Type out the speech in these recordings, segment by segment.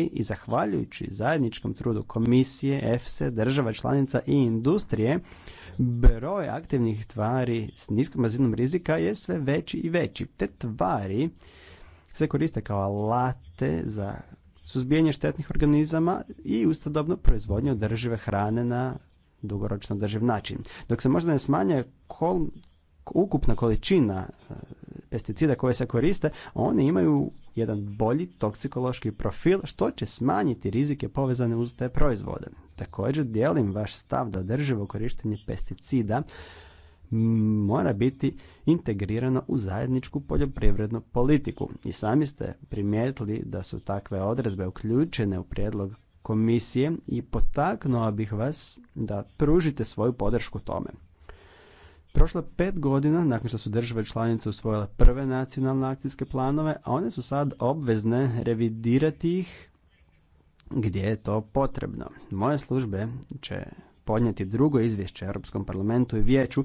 i zahvaljujući zajedničkom trudu komisije, EFSE, država članica i industrije, broj aktivnih tvari s niskom razinom rizika je sve veći i veći. Te tvari se koriste kao alate za suzbijanje štetnih organizama i ustodobno proizvodnju održive hrane na dugoročno održiv način. Dok se možda ne smanje ukupna količina e, pesticida koje se koriste, oni imaju jedan bolji toksikološki profil što će smanjiti rizike povezane uz te proizvode. Također dijelim vaš stav da održivo korištenje pesticida mora biti integrirano u zajedničku poljoprivrednu politiku. I sami ste primijetili da su takve odredbe uključene u prijedlog komisije i potaknuo bih vas da pružite svoju podršku tome. Prošlo pet godina nakon što su države članice usvojile prve nacionalne akcijske planove, a one su sad obvezne revidirati ih gdje je to potrebno. Moje službe će podnijeti drugo izvješće Europskom parlamentu i vijeću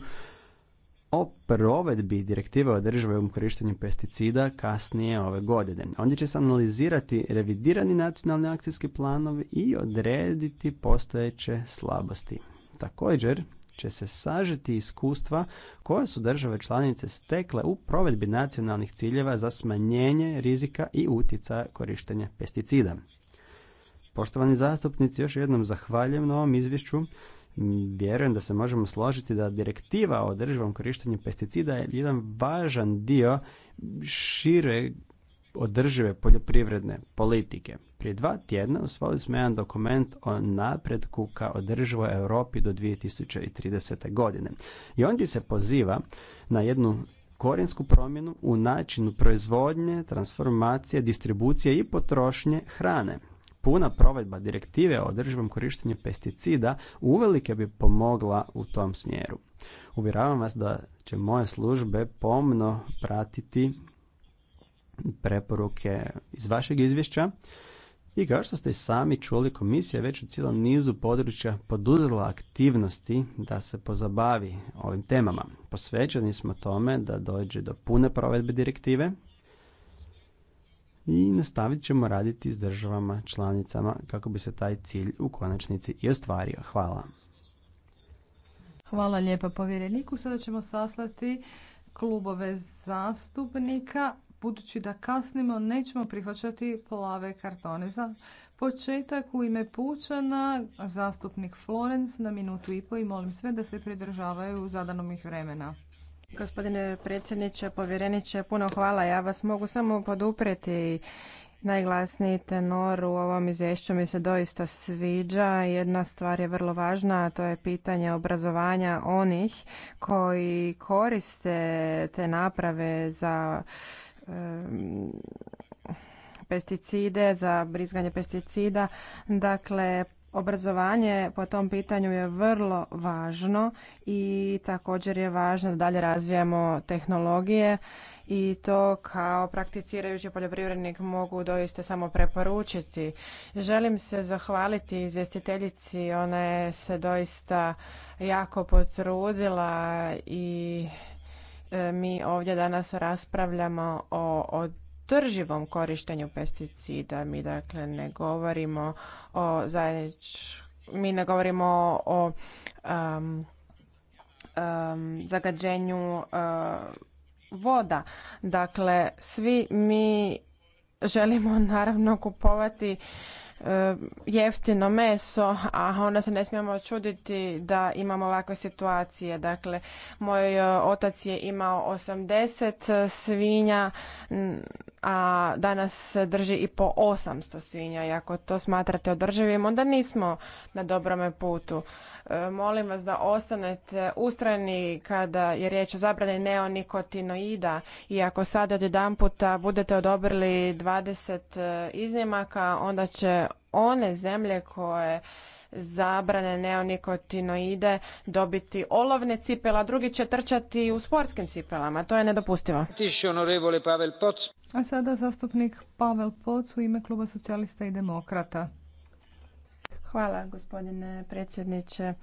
o provedbi direktive o državom korištenju pesticida kasnije ove godine. Ondje će se analizirati revidirani nacionalni akcijski planovi i odrediti postojeće slabosti. Također će se sažeti iskustva koja su države članice stekle u provedbi nacionalnih ciljeva za smanjenje rizika i utjecaja korištenja pesticida. Poštovani zastupnici, još jednom zahvaljujem na ovom izvješću. Vjerujem da se možemo složiti da direktiva o održivom korištenju pesticida je jedan važan dio šire održive poljoprivredne politike. Prije dva tjedna usvojili smo jedan dokument o napretku ka održivoj Europi do 2030. godine. I ondje se poziva na jednu korijensku promjenu u načinu proizvodnje, transformacije, distribucije i potrošnje hrane. Puna provedba direktive o održivom korištenju pesticida uvelike bi pomogla u tom smjeru. Uvjeravam vas da će moje službe pomno pratiti preporuke iz vašeg izvješća. I kao što ste i sami čuli, komisija već u cijelom nizu područja poduzela aktivnosti da se pozabavi ovim temama. Posvećeni smo tome da dođe do pune provedbe direktive i nastavit ćemo raditi s državama članicama kako bi se taj cilj u konačnici i ostvario. Hvala. Hvala lijepa povjereniku. Sada ćemo saslati klubove zastupnika budući da kasnimo nećemo prihvaćati plave kartone. Za početak u ime Pučana zastupnik Florenc na minutu i po i molim sve da se pridržavaju zadanom ih vremena. Gospodine predsjedniče, povjereniče, puno hvala. Ja vas mogu samo poduprijeti najglasniji tenor u ovom izvješću mi se doista sviđa. Jedna stvar je vrlo važna, a to je pitanje obrazovanja onih koji koriste te naprave za pesticide, za brizganje pesticida. Dakle, obrazovanje po tom pitanju je vrlo važno i također je važno da dalje razvijamo tehnologije i to kao prakticirajući poljoprivrednik mogu doista samo preporučiti. Želim se zahvaliti izvjestiteljici, ona je se doista jako potrudila i E, mi ovdje danas raspravljamo o održivom korištenju pesticida. Mi dakle ne govorimo o mi ne govorimo o zagađenju e, voda. Dakle, svi mi želimo naravno kupovati E, jeftino meso, a onda se ne smijemo čuditi da imamo ovakve situacije. Dakle, moj e, otac je imao 80 svinja, a danas drži i po 800 svinja. I ako to smatrate održivim, onda nismo na dobrome putu. Molim vas da ostanete ustrajni kada je riječ o zabrani neonikotinoida i ako sada jedan puta budete odobrili 20 e, iznimaka, onda će one zemlje koje zabrane neonikotinoide dobiti olovne cipela, a drugi će trčati u sportskim cipelama. To je nedopustivo. A sada zastupnik Pavel Poc u ime kluba socijalista i demokrata. Hvala gospodine predsjedniče.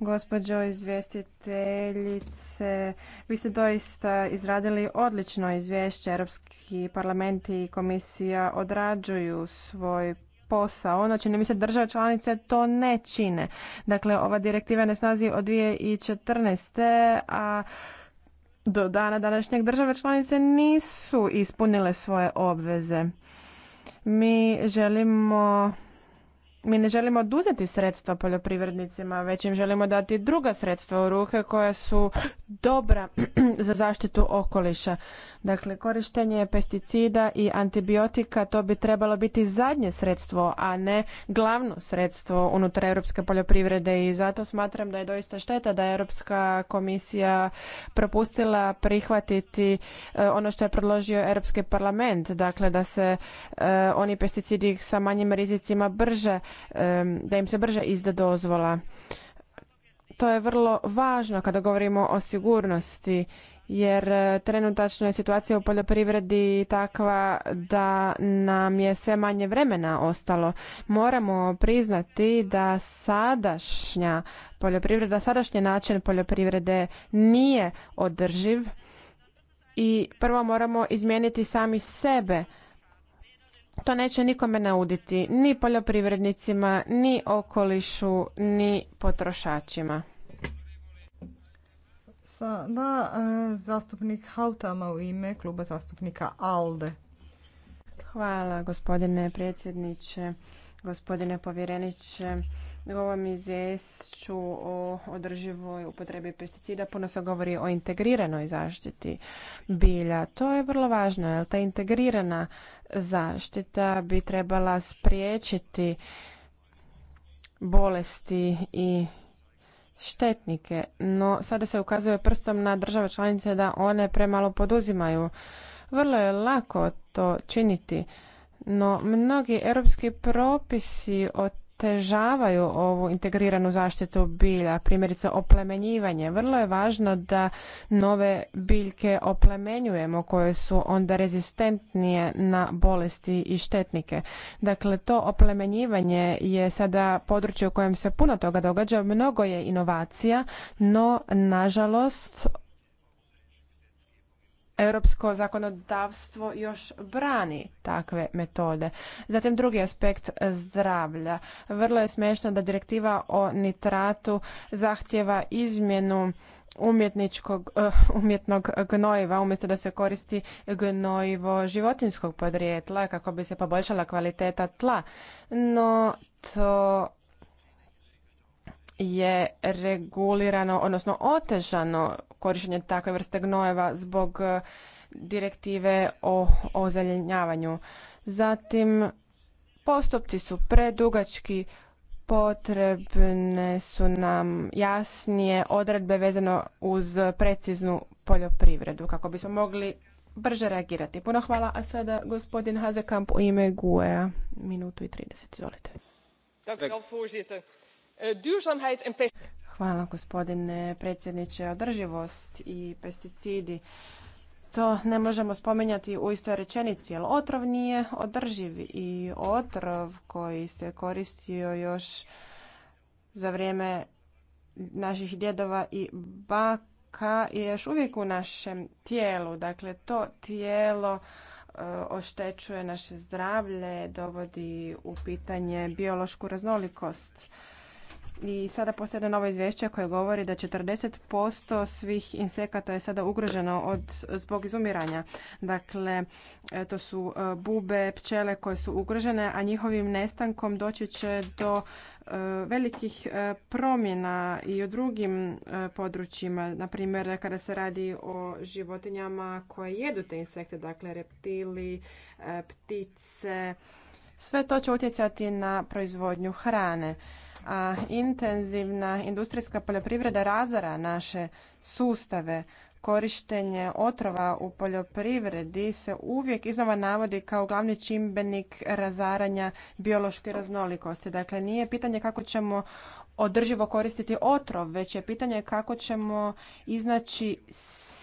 Gospođo izvjestiteljice, vi ste doista izradili odlično izvješće. Europski parlament i komisija odrađuju svoj posao. Ono čini mi se države članice to ne čine. Dakle, ova direktiva ne snazi od 2014. a do dana današnjeg države članice nisu ispunile svoje obveze. Mi želimo mi ne želimo oduzeti sredstva poljoprivrednicima, već im želimo dati druga sredstva u ruke koja su dobra za zaštitu okoliša. Dakle, korištenje pesticida i antibiotika to bi trebalo biti zadnje sredstvo, a ne glavno sredstvo unutar europske poljoprivrede i zato smatram da je doista šteta da je Europska komisija propustila prihvatiti eh, ono što je predložio Europski parlament, dakle da se eh, oni pesticidi sa manjim rizicima brže da im se brže izda dozvola. To je vrlo važno kada govorimo o sigurnosti jer e, trenutačno je situacija u poljoprivredi takva da nam je sve manje vremena ostalo. Moramo priznati da sadašnja poljoprivreda, sadašnji način poljoprivrede nije održiv i prvo moramo izmijeniti sami sebe to neće nikome nauditi, ni poljoprivrednicima, ni okolišu, ni potrošačima. Sada e, zastupnik Hautama u ime kluba zastupnika ALDE. Hvala gospodine predsjedniče, gospodine povjereniče u ovom izvješću o održivoj upotrebi pesticida puno se govori o integriranoj zaštiti bilja. To je vrlo važno, jer ta integrirana zaštita bi trebala spriječiti bolesti i štetnike, no sada se ukazuje prstom na države članice da one premalo poduzimaju. Vrlo je lako to činiti, no mnogi europski propisi o težavaju ovu integriranu zaštitu bilja, primjerice oplemenjivanje. Vrlo je važno da nove biljke oplemenjujemo koje su onda rezistentnije na bolesti i štetnike. Dakle, to oplemenjivanje je sada područje u kojem se puno toga događa, mnogo je inovacija, no nažalost europsko zakonodavstvo još brani takve metode. Zatim drugi aspekt zdravlja. Vrlo je smiješno da direktiva o nitratu zahtjeva izmjenu umjetničkog eh, umjetnog gnojiva umjesto da se koristi gnojivo životinskog podrijetla kako bi se poboljšala kvaliteta tla. No to je regulirano, odnosno otežano korištenje takve vrste gnojeva zbog e, direktive o ozeljenjavanju. Zatim, postupci su predugački, potrebne su nam jasnije odredbe vezano uz preciznu poljoprivredu kako bismo mogli brže reagirati. Puno hvala, a sada gospodin Hazekamp u ime GUE-a. Minutu i 30, izvolite. Dank Eh, Hvala gospodine predsjedniče. Održivost i pesticidi to ne možemo spominjati u istoj rečenici, jer otrov nije održiv i otrov koji se koristio još za vrijeme naših djedova i baka je još uvijek u našem tijelu. Dakle, to tijelo eh, oštećuje naše zdravlje, dovodi u pitanje biološku raznolikost. I sada postoji jedno novo izvješće koje govori da 40% svih insekata je sada ugroženo od, zbog izumiranja. Dakle, e, to su e, bube, pčele koje su ugrožene, a njihovim nestankom doći će do e, velikih promjena i u drugim područjima, na kada se radi o životinjama koje jedu te insekte, dakle reptili, ptice, sve to će utjecati na proizvodnju hrane a intenzivna industrijska poljoprivreda razara naše sustave. Korištenje otrova u poljoprivredi se uvijek iznova navodi kao glavni čimbenik razaranja biološke raznolikosti. Dakle, nije pitanje kako ćemo održivo koristiti otrov, već je pitanje kako ćemo iznaći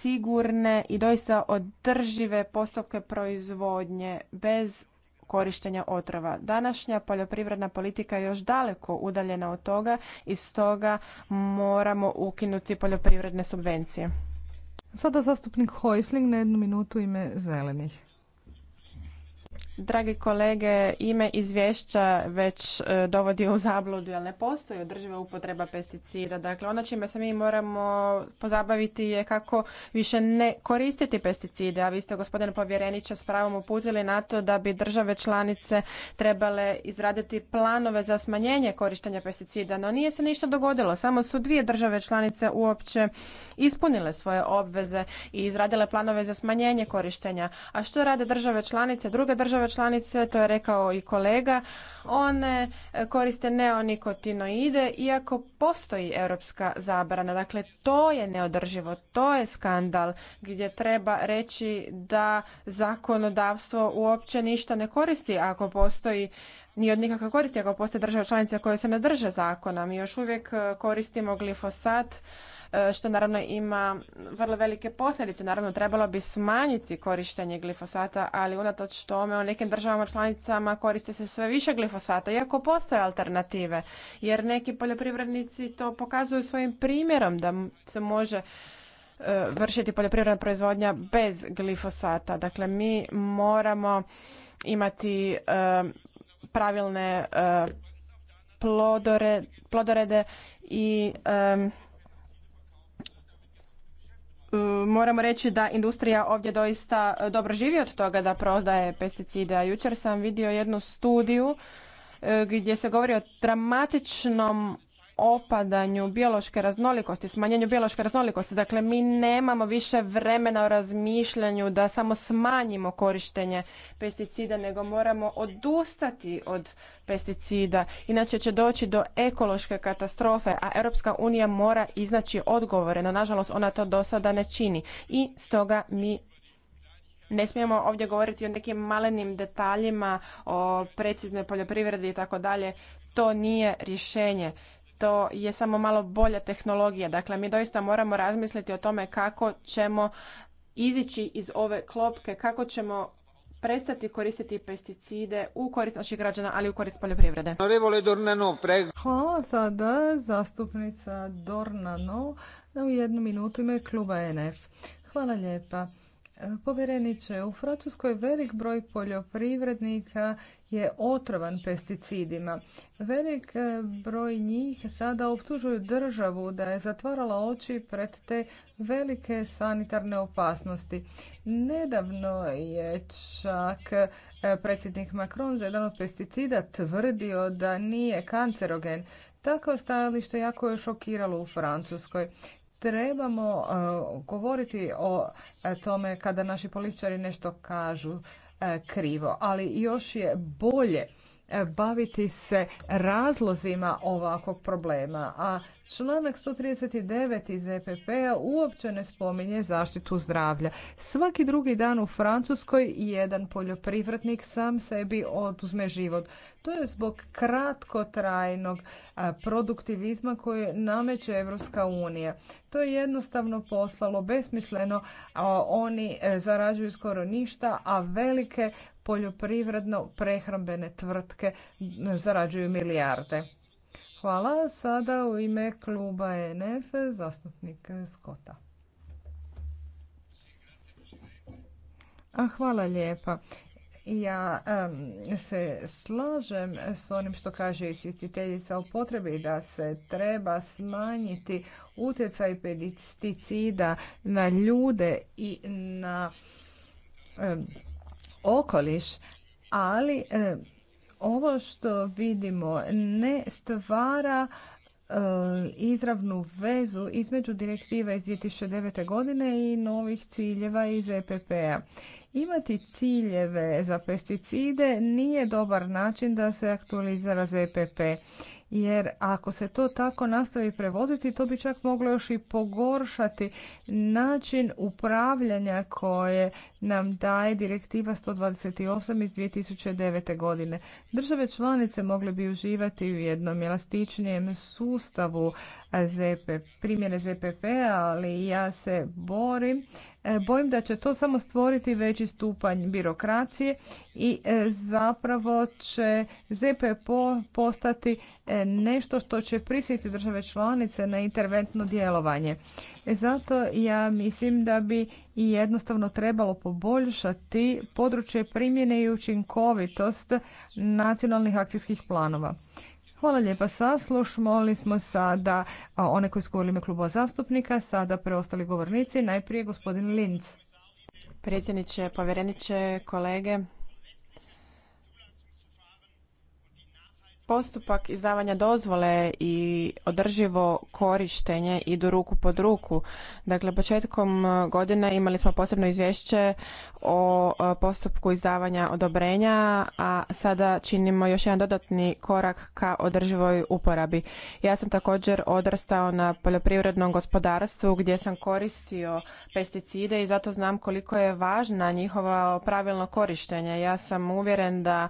sigurne i doista održive postupke proizvodnje bez korištenja otrova. Današnja poljoprivredna politika je još daleko udaljena od toga i stoga moramo ukinuti poljoprivredne subvencije. Sada zastupnik Hojsling na jednu minutu ime zelenih. Dragi kolege, ime izvješća već e, dovodi u zabludu, jer ne postoji održiva upotreba pesticida. Dakle, ono čime se mi moramo pozabaviti je kako više ne koristiti pesticide, a vi ste, gospodine povjereniče, s pravom uputili na to da bi države članice trebale izraditi planove za smanjenje korištenja pesticida, no nije se ništa dogodilo. Samo su dvije države članice uopće ispunile svoje obveze i izradile planove za smanjenje korištenja. A što rade države članice? Druge države država članice, to je rekao i kolega, one e, koriste neonikotinoide iako postoji europska zabrana. Dakle, to je neodrživo, to je skandal gdje treba reći da zakonodavstvo uopće ništa ne koristi ako postoji ni od nikakve koristi ako postoje države članice koje se ne drže zakona. Mi još uvijek e, koristimo glifosat E, što naravno ima vrlo velike posljedice. Naravno, trebalo bi smanjiti korištenje glifosata, ali unatoč tome u nekim državama članicama koriste se sve više glifosata, iako postoje alternative, jer neki poljoprivrednici to pokazuju svojim primjerom da se može e, vršiti poljoprivredna proizvodnja bez glifosata. Dakle, mi moramo imati e, pravilne plodorede i E, moramo reći da industrija ovdje doista dobro živi od toga da prodaje pesticide. A jučer sam vidio jednu studiju e, gdje se govori o dramatičnom opadanju biološke raznolikosti, smanjenju biološke raznolikosti. Dakle, mi nemamo više vremena o razmišljanju da samo smanjimo korištenje pesticida, nego moramo odustati od pesticida. Inače će doći do ekološke katastrofe, a Europska unija mora iznaći odgovore, no nažalost ona to do sada ne čini. I stoga mi ne smijemo ovdje govoriti o nekim malenim detaljima, o preciznoj poljoprivredi i tako dalje. To nije rješenje to je samo malo bolja tehnologija. Dakle, mi doista moramo razmisliti o tome kako ćemo izići iz ove klopke, kako ćemo prestati koristiti pesticide u korist naših građana, ali u korist poljoprivrede. Hvala sada zastupnica Dornano u jednu minutu ime kluba NF. Hvala lijepa. Povjereniče, u Francuskoj velik broj poljoprivrednika je otrovan pesticidima. Velik e, broj njih sada optužuju državu da je zatvarala oči pred te velike sanitarne opasnosti. Nedavno je čak e, predsjednik Macron za jedan od pesticida tvrdio da nije kancerogen. Tako stajalište jako je šokiralo u Francuskoj trebamo e, govoriti o e, tome kada naši političari nešto kažu e, krivo, ali još je bolje E, baviti se razlozima ovakvog problema, a članak 139 iz EPP-a uopće ne spominje zaštitu zdravlja. Svaki drugi dan u Francuskoj jedan poljoprivrednik sam sebi oduzme život. To je zbog kratkotrajnog e, produktivizma koje nameće Evropska unija. To je jednostavno poslalo besmisleno, oni e, zarađuju skoro ništa, a velike poljoprivredno prehrambene tvrtke zarađuju milijarde. Hvala. Sada u ime kluba e NF zastupnik Skota. hvala lijepa. Ja se slažem s onim što kaže izvjestiteljica o potrebi da se treba smanjiti utjecaj pesticida na ljude i na okoliš, ali e, ovo što vidimo ne stvara e, izravnu vezu između direktiva iz 2009. godine i novih ciljeva iz EPP-a. Imati ciljeve za pesticide nije dobar način da se aktualizira ZPP jer ako se to tako nastavi prevoditi to bi čak moglo još i pogoršati način upravljanja koje nam daje direktiva 128 iz 2009. godine. Države članice mogle bi uživati u jednom elastičnijem sustavu primjene ZPP, ali ja se borim. E, bojim da će to samo stvoriti veći stupanj birokracije i e, zapravo će ZPP postati e, nešto što će prisjetiti države članice na interventno djelovanje. Zato ja mislim da bi i jednostavno trebalo poboljšati područje primjene i učinkovitost nacionalnih akcijskih planova. Hvala lijepa Sasluš. Molili smo sada one koji su govorili ime klubova zastupnika, sada preostali govornici. Najprije gospodin Linz. Predsjedniče, povjereniče, kolege. postupak izdavanja dozvole i održivo korištenje idu ruku pod ruku. Dakle, početkom e, godine imali smo posebno izvješće o e, postupku izdavanja odobrenja, a sada činimo još jedan dodatni korak ka održivoj uporabi. Ja sam također odrastao na poljoprivrednom gospodarstvu gdje sam koristio pesticide i zato znam koliko je važna njihovo pravilno korištenje. Ja sam uvjeren da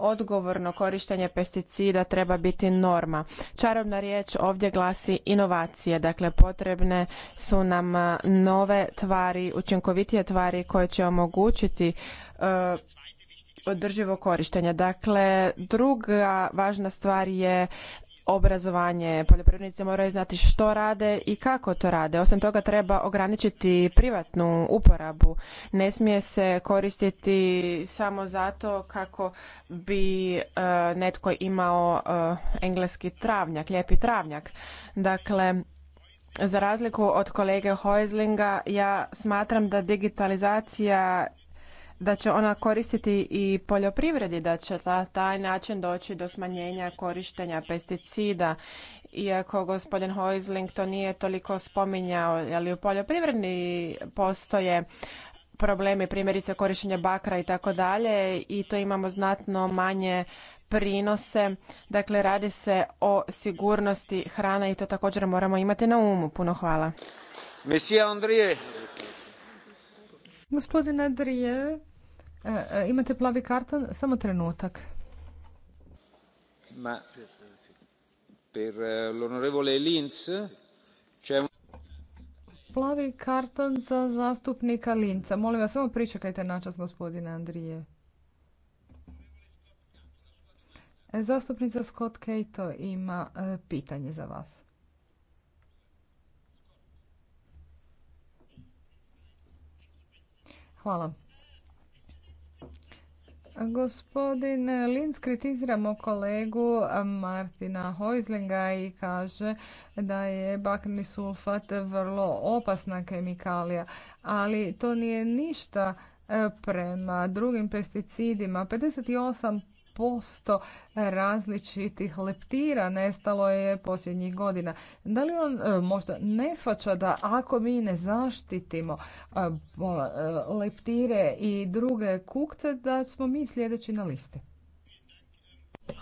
odgovorno korištenje pesticida treba biti norma. Čarobna riječ ovdje glasi inovacije, dakle potrebne su nam nove tvari, učinkovitije tvari koje će omogućiti e, održivo korištenje. Dakle, druga važna stvar je obrazovanje. Poljoprivrednici moraju znati što rade i kako to rade. Osim toga treba ograničiti privatnu uporabu. Ne smije se koristiti samo zato kako bi e, netko imao e, engleski travnjak, lijepi travnjak. Dakle, za razliku od kolege hoizlinga ja smatram da digitalizacija da će ona koristiti i poljoprivredi, da će na taj način doći do smanjenja korištenja pesticida. Iako gospodin Hoisling to nije toliko spominjao, ali u poljoprivredi postoje problemi, primjerice korištenja bakra i tako dalje i to imamo znatno manje prinose. Dakle, radi se o sigurnosti hrane i to također moramo imati na umu. Puno hvala. Andrije. Gospodin Andrije, E, e, imate plavi karton, samo trenutak. Ma, per eh, l'onorevole Linz, c'è Plavi karton za zastupnika Linca. Molim vas, samo pričekajte načas, gospodine Andrije. E, zastupnica Scott Cato ima pitanje za vas. Hvala. Gospodin Linz kritiziramo kolegu Martina Hojzlinga i kaže da je bakni sulfat vrlo opasna kemikalija, ali to nije ništa e, prema drugim pesticidima. 58 posto različitih leptira nestalo je posljednjih godina. Da li on e, možda ne shvaća da ako mi ne zaštitimo e, e, leptire i druge kukce, da smo mi sljedeći na listi?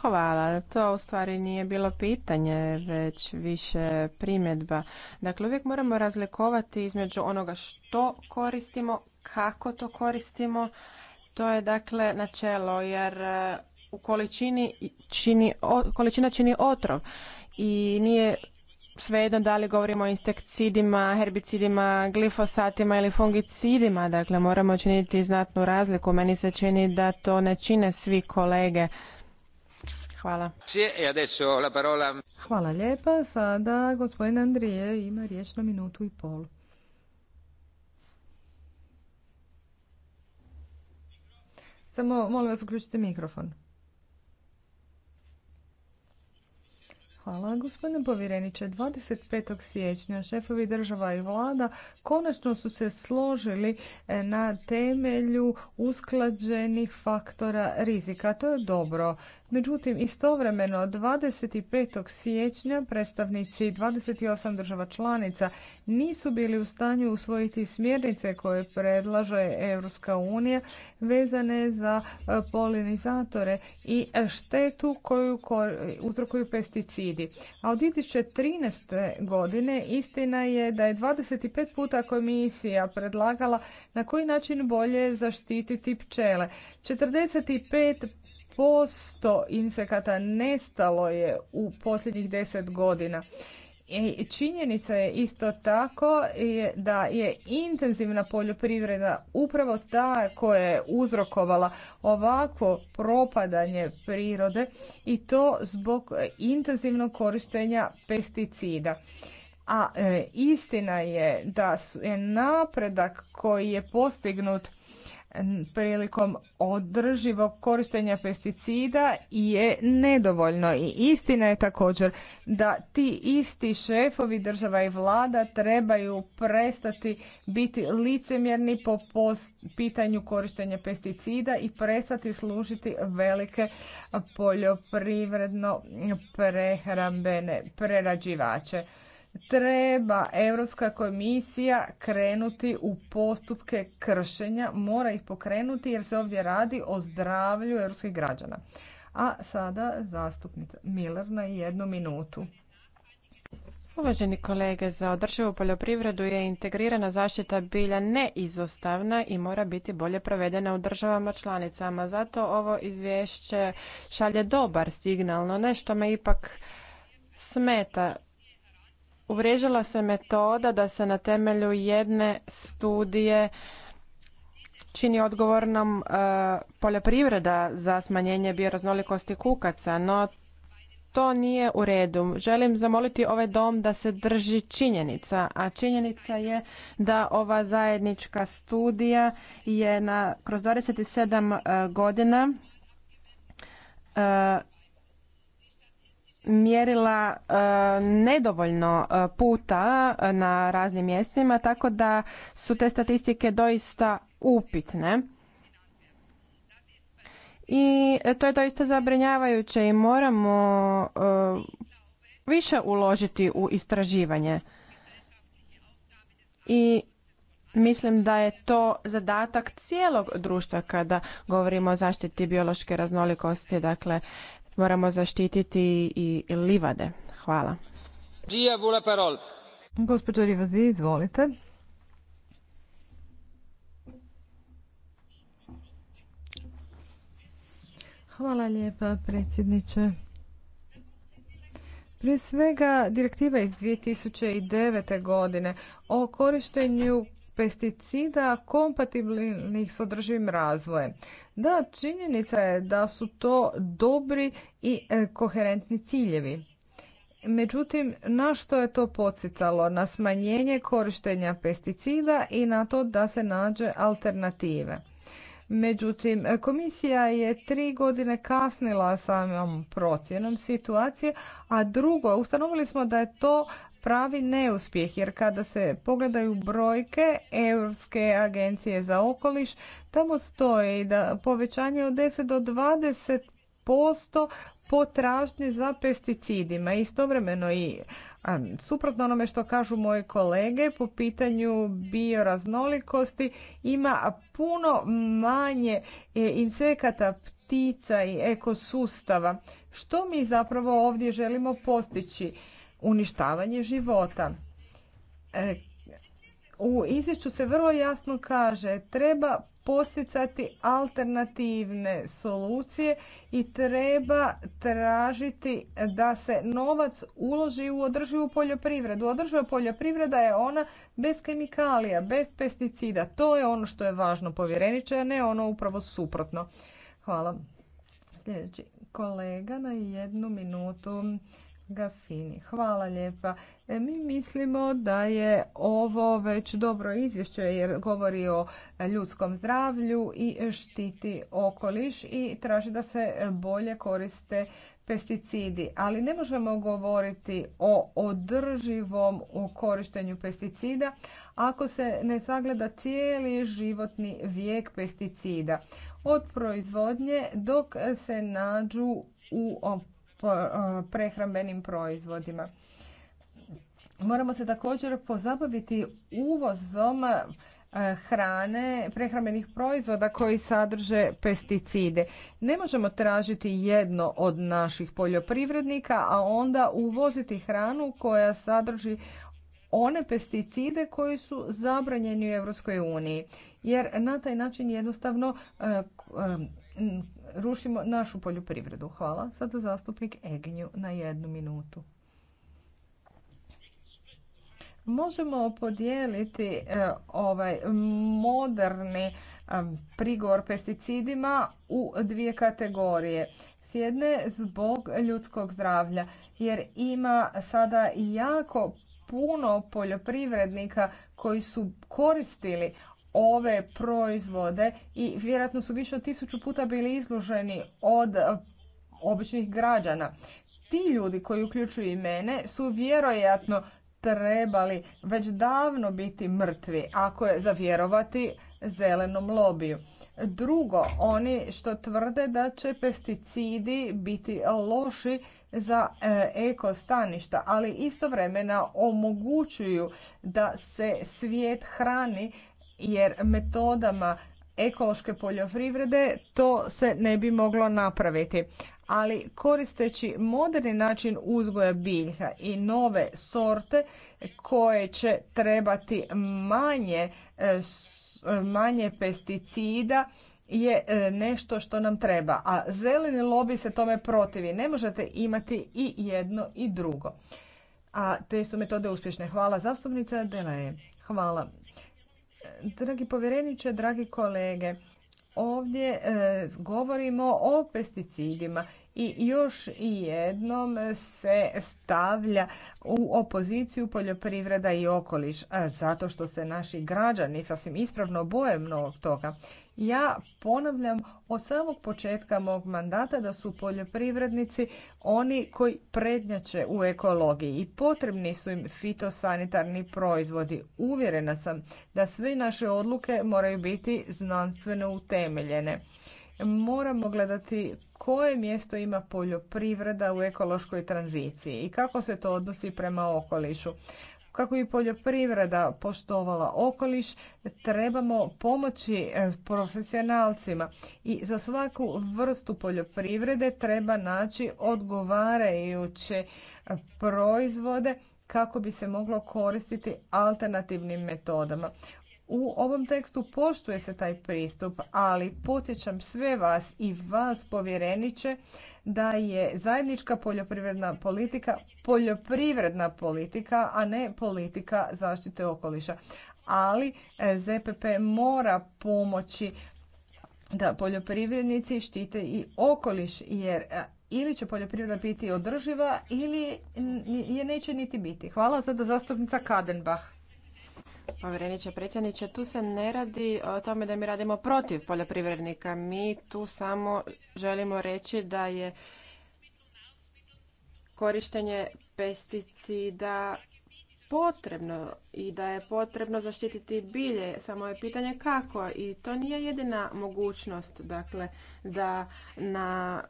Hvala. To u stvari nije bilo pitanje, već više primjedba. Dakle, uvijek moramo razlikovati između onoga što koristimo, kako to koristimo. To je dakle načelo, jer u količini čini, količina čini otrov i nije svejedno da li govorimo o insekticidima, herbicidima, glifosatima ili fungicidima, dakle moramo činiti znatnu razliku. Meni se čini da to ne čine svi kolege. Hvala. E, Hvala lijepa. Sada gospodin Andrije ima riječ na minutu i pol. Samo molim vas uključite mikrofon. Hvala. Gospodine povjereniče, 25. siječnja šefovi država i vlada konačno su se složili e, na temelju usklađenih faktora rizika. To je dobro. Međutim, istovremeno 25. siječnja predstavnici 28 država članica nisu bili u stanju usvojiti smjernice koje predlaže Europska unija vezane za e, polinizatore i štetu koju uzrokuju pesticidi. A od 2013. godine istina je da je 25 puta komisija predlagala na koji način bolje zaštititi pčele. 45 posto insekata nestalo je u posljednjih deset godina. I činjenica je isto tako da je intenzivna poljoprivreda upravo ta koja je uzrokovala ovakvo propadanje prirode i to zbog intenzivnog korištenja pesticida. A e, istina je da je napredak koji je postignut prilikom održivog korištenja pesticida je nedovoljno i istina je također da ti isti šefovi država i vlada trebaju prestati biti licemjerni po pitanju korištenja pesticida i prestati služiti velike poljoprivredno prehrambene prerađivače treba Europska komisija krenuti u postupke kršenja, mora ih pokrenuti jer se ovdje radi o zdravlju europskih građana. A sada zastupnica Miller na jednu minutu. Uvaženi kolege, za održivu poljoprivredu je integrirana zaštita bilja neizostavna i mora biti bolje provedena u državama članicama. Zato ovo izvješće šalje dobar signal, no nešto me ipak smeta uvriježila se metoda da se na temelju jedne studije čini odgovornom e, poljoprivreda za smanjenje bioraznolikosti kukaca, no to nije u redu. Želim zamoliti ovaj dom da se drži činjenica, a činjenica je da ova zajednička studija je na, kroz 27 e, godina e, mjerila eh, nedovoljno eh, puta eh, na raznim mjestima, tako da su te statistike doista upitne. I to je doista zabrinjavajuće i moramo više uložiti u istraživanje. I mislim da je to zadatak cijelog društva kada govorimo o zaštiti biološke raznolikosti. Dakle, Moramo zaštititi i livade. Hvala. Gospođo Rivazi, izvolite. Hvala lijepa, predsjedniče. Prije svega direktiva iz 2009. godine o korištenju pesticida kompatibilnih s održivim razvojem. Da, činjenica je da su to dobri i e, koherentni ciljevi. Međutim, na što je to podsjecalo? Na smanjenje korištenja pesticida i na to da se nađe alternative. Međutim, komisija je tri godine kasnila samom procjenom situacije, a drugo, ustanovili smo da je to pravi neuspjeh jer kada se pogledaju brojke Europske agencije za okoliš, tamo stoji da povećanje od 10 do 20 posto potražnje za pesticidima. Istovremeno i Suprotno onome što kažu moje kolege po pitanju bioraznolikosti ima puno manje e, insekata, ptica i ekosustava. Što mi zapravo ovdje želimo postići? Uništavanje života. E, u izvješću se vrlo jasno kaže treba posticati alternativne solucije i treba tražiti da se novac uloži u održivu poljoprivredu. Održiva poljoprivreda je ona bez kemikalija, bez pesticida. To je ono što je važno povjereniče, a ne ono upravo suprotno. Hvala. Sljedeći kolega na jednu minutu. Gafini. Hvala lijepa. E, mi mislimo da je ovo već dobro izvješće jer govori o ljudskom zdravlju i štiti okoliš i traži da se bolje koriste pesticidi, ali ne možemo govoriti o održivom korištenju pesticida ako se ne sagleda cijeli životni vijek pesticida od proizvodnje dok se nađu u E, prehrambenim proizvodima. Moramo se također pozabaviti uvozom e, hrane, prehrambenih proizvoda koji sadrže pesticide. Ne možemo tražiti jedno od naših poljoprivrednika, a onda uvoziti hranu koja sadrži one pesticide koji su zabranjeni u Europskoj uniji. Jer na taj način jednostavno e, rušimo našu poljoprivredu. Hvala. Sada zastupnik Eginju na jednu minutu. Možemo podijeliti e, ovaj moderni e, prigovor pesticidima u dvije kategorije. S jedne zbog ljudskog zdravlja, jer ima sada jako puno poljoprivrednika koji su koristili ove proizvode i vjerojatno su više od tisuću puta bili izloženi od običnih građana. Ti ljudi koji uključuju i mene su vjerojatno trebali već davno biti mrtvi ako je zavjerovati zelenom lobiju. Drugo, oni što tvrde da će pesticidi biti loši za e, eko staništa, ali istovremeno omogućuju da se svijet hrani jer metodama ekološke poljoprivrede to se ne bi moglo napraviti. Ali koristeći moderni način uzgoja biljka i nove sorte koje će trebati manje, e, manje pesticida, je e, nešto što nam treba, a zeleni lobby se tome protivi. Ne možete imati i jedno i drugo. A te su metode uspješne. Hvala zastupnica je Hvala Dragi povjereniče, dragi kolege, ovdje e, govorimo o pesticidima i još jednom se stavlja u opoziciju poljoprivreda i okoliš e, zato što se naši građani sasvim ispravno boje mnogo toga ja ponavljam od samog početka mog mandata da su poljoprivrednici oni koji prednjače u ekologiji i potrebni su im fitosanitarni proizvodi. Uvjerena sam da sve naše odluke moraju biti znanstveno utemeljene. Moramo gledati koje mjesto ima poljoprivreda u ekološkoj tranziciji i kako se to odnosi prema okolišu kako bi poljoprivreda poštovala okoliš, trebamo pomoći e, profesionalcima i za svaku vrstu poljoprivrede treba naći odgovarajuće e, proizvode kako bi se moglo koristiti alternativnim metodama. U ovom tekstu poštuje se taj pristup, ali podsjećam sve vas i vas povjereniče da je zajednička poljoprivredna politika poljoprivredna politika, a ne politika zaštite okoliša. Ali e, ZPP mora pomoći da poljoprivrednici štite i okoliš jer e, ili će poljoprivreda biti održiva ili je neće niti biti. Hvala sada zastupnica Kadenbach. Povjereniče predsjedniče, tu se ne radi o tome da mi radimo protiv poljoprivrednika. Mi tu samo želimo reći da je korištenje pesticida potrebno i da je potrebno zaštititi bilje. Samo je pitanje kako i to nije jedina mogućnost dakle, da, na,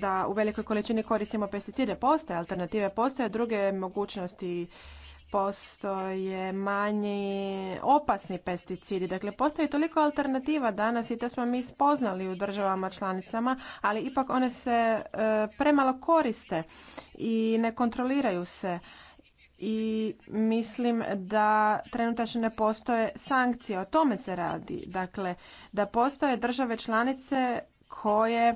da u velikoj količini koristimo pesticide. Postoje alternative, postoje druge mogućnosti postoje manji opasni pesticidi. Dakle, postoji toliko alternativa danas i to smo mi spoznali u državama članicama, ali ipak one se e, premalo koriste i ne kontroliraju se i mislim da trenutačno ne postoje sankcije. O tome se radi. Dakle, da postoje države članice koje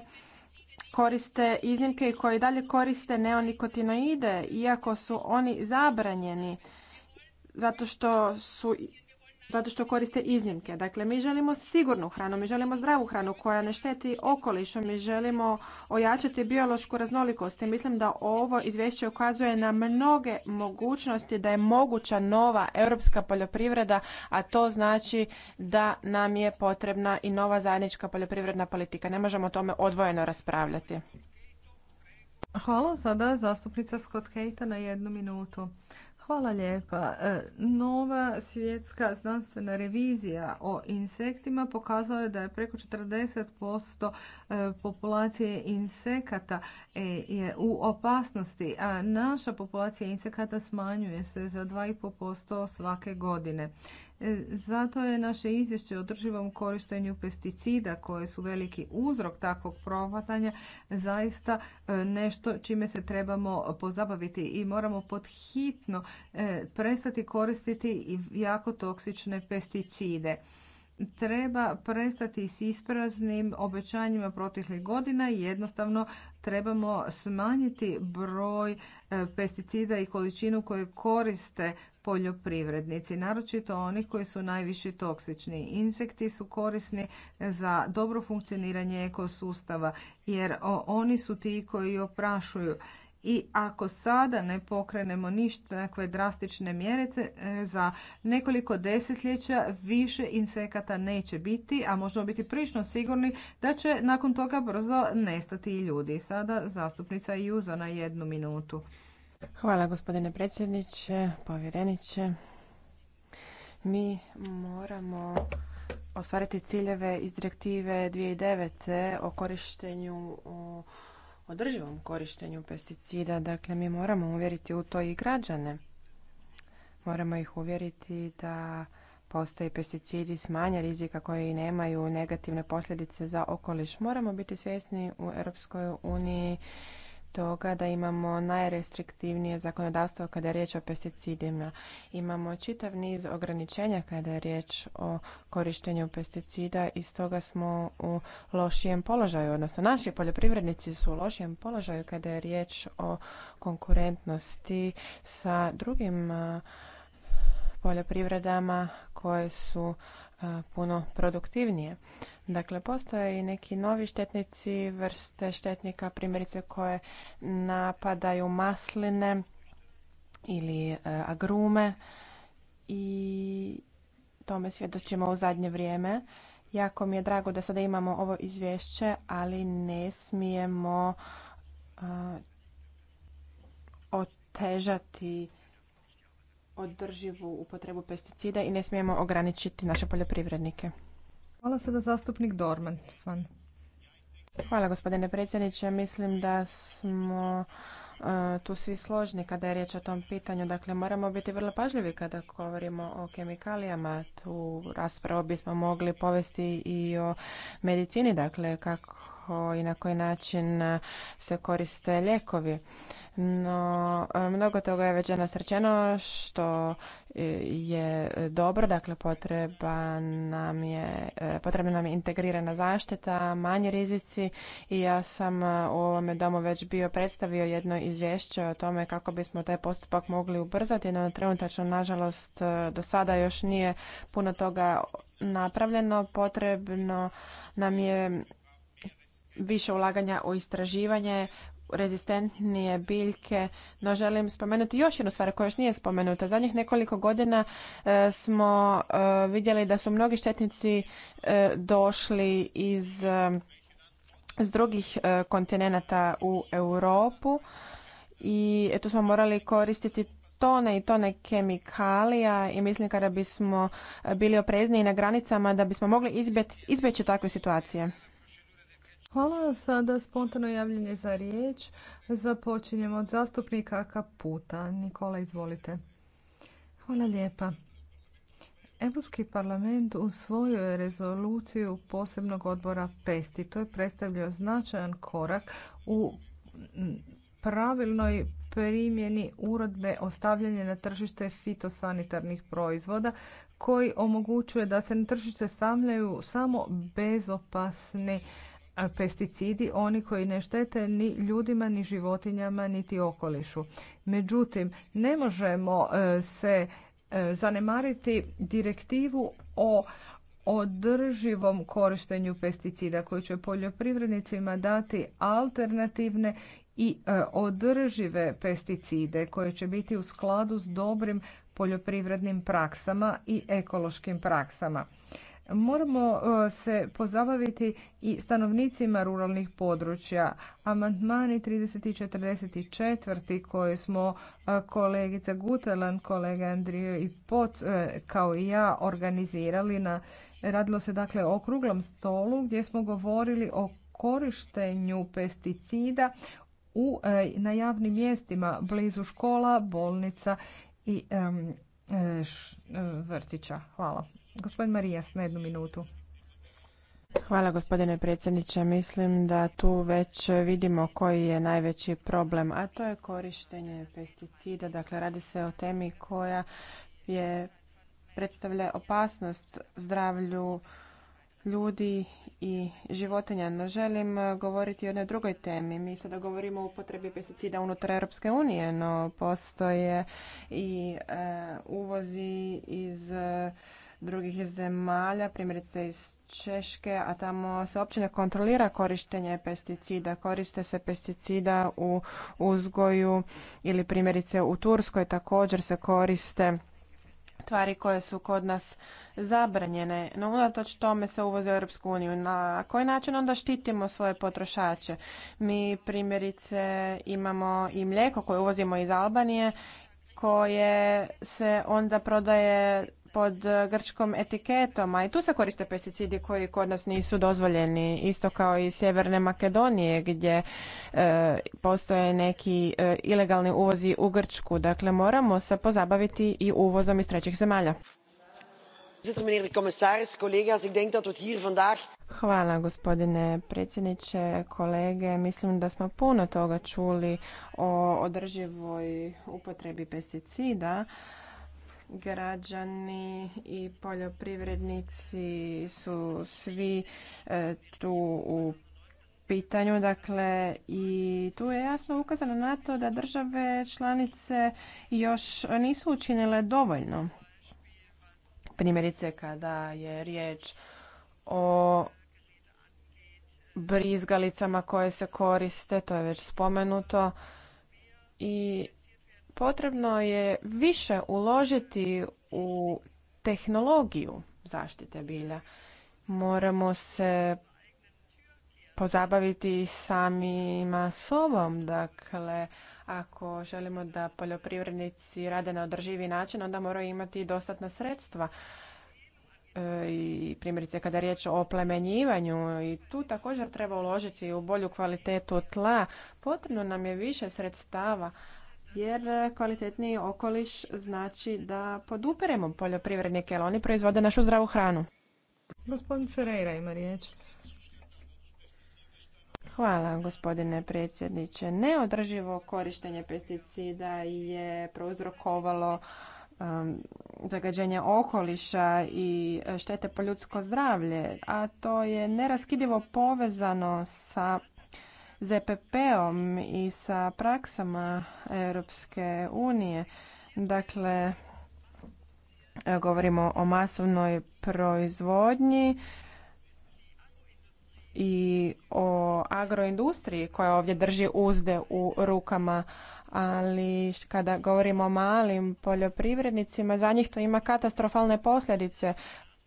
koriste iznimke i koji dalje koriste neonikotinoide iako su oni zabranjeni zato što su zato što koriste iznimke. Dakle, mi želimo sigurnu hranu, mi želimo zdravu hranu koja ne šteti okolišu, mi želimo ojačati biološku raznolikost i mislim da ovo izvješće ukazuje na mnoge mogućnosti da je moguća nova europska poljoprivreda, a to znači da nam je potrebna i nova zajednička poljoprivredna politika. Ne možemo o tome odvojeno raspravljati. Hvala. Sada zastupnica Scott na jednu minutu. Hvala lijepa. E, nova svjetska znanstvena revizija o insektima pokazala je da je preko 40% e, populacije insekata e, je u opasnosti, a naša populacija insekata smanjuje se za 2,5% svake godine. E, zato je naše izvješće o drživom korištenju pesticida koje su veliki uzrok takvog provatanja zaista e, nešto čime se trebamo pozabaviti i moramo pod hitno e, prestati koristiti jako toksične pesticide treba prestati s ispraznim obećanjima proteklih godina i jednostavno trebamo smanjiti broj e, pesticida i količinu koje koriste poljoprivrednici, naročito oni koji su najviše toksični. Insekti su korisni za dobro funkcioniranje ekosustava jer oni su ti koji oprašuju i ako sada ne pokrenemo takve drastične mjere e, za nekoliko desetljeća više insekata neće biti, a možemo biti prilično sigurni da će nakon toga brzo nestati i ljudi. Sada zastupnica Juzo na jednu minutu. Hvala gospodine predsjedniče, povjereniče. Mi moramo ostvariti ciljeve iz direktive 2009. o korištenju održivom korištenju pesticida. Dakle, mi moramo uvjeriti u to i građane. Moramo ih uvjeriti da postoje pesticidi s manje rizika koji nemaju negativne posljedice za okoliš. Moramo biti svjesni u Europskoj uniji toga da imamo najrestriktivnije zakonodavstvo kada je riječ o pesticidima. Imamo čitav niz ograničenja kada je riječ o korištenju pesticida i stoga smo u lošijem položaju, odnosno naši poljoprivrednici su u lošijem položaju kada je riječ o konkurentnosti sa drugim poljoprivredama koje su puno produktivnije. Dakle, postoje i neki novi štetnici, vrste štetnika, primjerice koje napadaju masline ili agrume i tome svjedočimo u zadnje vrijeme. Jako mi je drago da sada imamo ovo izvješće, ali ne smijemo otežati održivu upotrebu pesticida i ne smijemo ograničiti naše poljoprivrednike. Hvala sada zastupnik Dorman. Hvala gospodine predsjedniče. Mislim da smo e, tu svi složni kada je riječ o tom pitanju. Dakle, moramo biti vrlo pažljivi kada govorimo o kemikalijama. Tu raspravu bismo mogli povesti i o medicini. Dakle, kako kako i na koji način se koriste lijekovi. No, mnogo toga je već danas rečeno što je dobro, dakle potreba nam je, potrebna nam je integrirana zaštita, manji rizici i ja sam u ovome domu već bio predstavio jedno izvješće o tome kako bismo taj postupak mogli ubrzati, no trenutačno nažalost do sada još nije puno toga napravljeno, potrebno nam je više ulaganja u istraživanje, rezistentnije biljke, no želim spomenuti još jednu stvar koja još nije spomenuta. Zadnjih nekoliko godina e, smo e, vidjeli da su mnogi štetnici e, došli iz drugih kontinenata u Europu i tu smo morali koristiti tone i tone kemikalija i mislim kada bismo bili oprezniji na granicama da bismo mogli izbjeći takve situacije. Hvala. vam Sada spontano javljanje za riječ. Započinjemo od zastupnika Kaputa. Nikola, izvolite. Hvala lijepa. Europski parlament usvojio je rezoluciju posebnog odbora PESTI. To je predstavljao značajan korak u pravilnoj primjeni uredbe o na tržište fitosanitarnih proizvoda koji omogućuje da se na tržište stavljaju samo bezopasni pesticidi oni koji ne štete ni ljudima, ni životinjama, niti okolišu. Međutim, ne možemo e, se e, zanemariti direktivu o održivom korištenju pesticida koji će poljoprivrednicima dati alternativne i e, održive pesticide koje će biti u skladu s dobrim poljoprivrednim praksama i ekološkim praksama. Moramo e, se pozabaviti i stanovnicima ruralnih područja. Amandmani 30. i 44. koje smo e, kolegica Gutelan, kolega Andrija i Poc e, kao i ja organizirali na Radilo se dakle o okruglom stolu gdje smo govorili o korištenju pesticida u, na javnim mjestima blizu škola, bolnica i vrtića. Hvala. Gospodin Marijas, na jednu minutu. Hvala gospodine predsjedniče. Mislim da tu već vidimo koji je najveći problem, a to je korištenje pesticida. Dakle, radi se o temi koja je predstavlja opasnost zdravlju ljudi i životinja. No želim govoriti o jednoj drugoj temi. Mi sada govorimo o upotrebi pesticida unutar Europske unije, no postoje i e, uvozi iz drugih zemalja, primjerice iz Češke, a tamo se uopće ne kontrolira korištenje pesticida. Koriste se pesticida u uzgoju ili primjerice u Turskoj također se koriste tvari koje su kod nas zabranjene, no unatoč tome se uvoze u Europsku uniju. Na koji način onda štitimo svoje potrošače? Mi primjerice imamo i mlijeko koje uvozimo iz Albanije koje se onda prodaje pod eh, grčkom etiketom, a i tu se koriste pesticidi koji kod nas nisu dozvoljeni, isto kao i Sjeverne Makedonije gdje eh, postoje neki eh, ilegalni uvozi u Grčku. Dakle, moramo se pozabaviti i uvozom iz trećih zemalja. Hvala gospodine predsjedniče, kolege. Mislim da smo puno toga čuli o održivoj upotrebi pesticida, građani i poljoprivrednici su svi e, tu u pitanju dakle i tu je jasno ukazano na to da države članice još nisu učinile dovoljno primjerice kada je riječ o brizgalicama koje se koriste to je već spomenuto i potrebno je više uložiti u tehnologiju zaštite bilja. Moramo se pozabaviti samima sobom. Dakle, ako želimo da poljoprivrednici rade na održivi način, onda moraju imati dostatna sredstva. E, I primjerice kada je riječ o plemenjivanju i tu također treba uložiti u bolju kvalitetu tla. Potrebno nam je više sredstava jer kvalitetniji okoliš znači da podupiremo poljoprivrednike, jer oni proizvode našu zdravu hranu. Gospodin Ferreira ima riječ. Hvala gospodine predsjedniče. Neodrživo korištenje pesticida je prouzrokovalo um, zagađenje okoliša i štete po ljudsko zdravlje, a to je neraskidivo povezano sa ZPP-om i sa praksama Europske unije. Dakle, govorimo o masovnoj proizvodnji i o agroindustriji koja ovdje drži uzde u rukama ali kada govorimo o malim poljoprivrednicima za njih to ima katastrofalne posljedice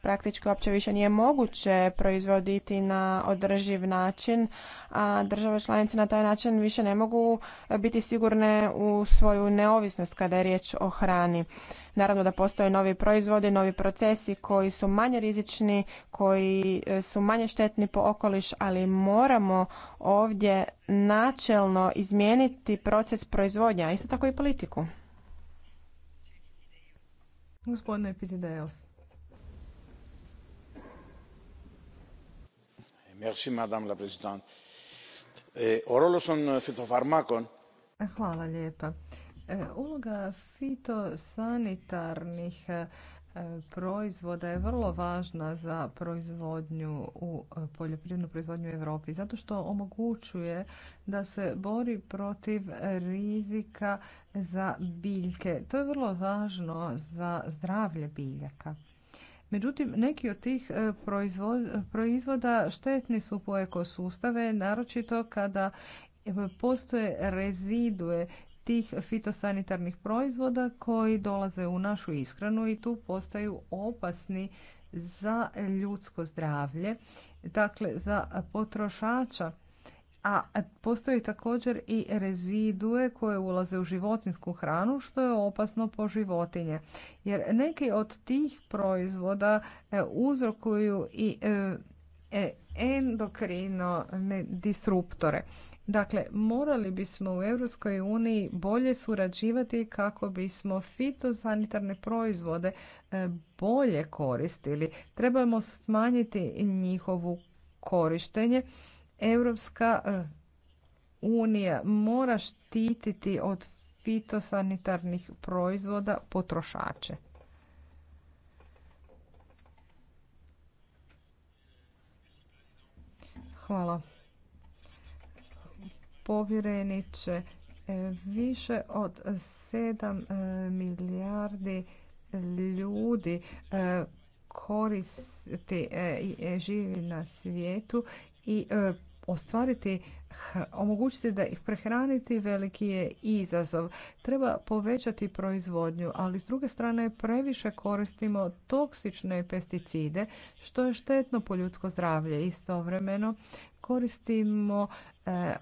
praktički uopće više nije moguće proizvoditi na održiv način, a države članice na taj način više ne mogu biti sigurne u svoju neovisnost kada je riječ o hrani. Naravno da postoje novi proizvodi, novi procesi koji su manje rizični, koji e, su manje štetni po okoliš, ali moramo ovdje načelno izmijeniti proces proizvodnja, a isto tako i politiku. Gospodine Pitideos. Eh, eh, Hvala lijepa. E, uloga fitosanitarnih e, proizvoda je vrlo važna za proizvodnju u e, poljoprivrednu proizvodnju u Europi zato što omogućuje da se bori protiv rizika za biljke. To je vrlo važno za zdravlje biljaka. Međutim, neki od tih e, proizvoda štetni su po ekosustave, naročito kada e, postoje rezidue tih fitosanitarnih proizvoda koji dolaze u našu ishranu i tu postaju opasni za ljudsko zdravlje, dakle za potrošača a e, postoji također i rezidue koje ulaze u životinsku hranu što je opasno po životinje jer neki od tih proizvoda e, uzrokuju i e, endokrino disruptore. Dakle, morali bismo u Europskoj uniji bolje surađivati kako bismo fitosanitarne proizvode bolje koristili. Trebamo smanjiti njihovo korištenje Europska e, unija mora štititi od fitosanitarnih proizvoda potrošače. Hvala. Povjereniče, e, više od 7 e, milijardi ljudi koristi živi na svijetu i ostvariti omogućiti da ih prehraniti veliki je izazov. Treba povećati proizvodnju, ali s druge strane previše koristimo toksične pesticide što je štetno po ljudsko zdravlje. Istovremeno koristimo e,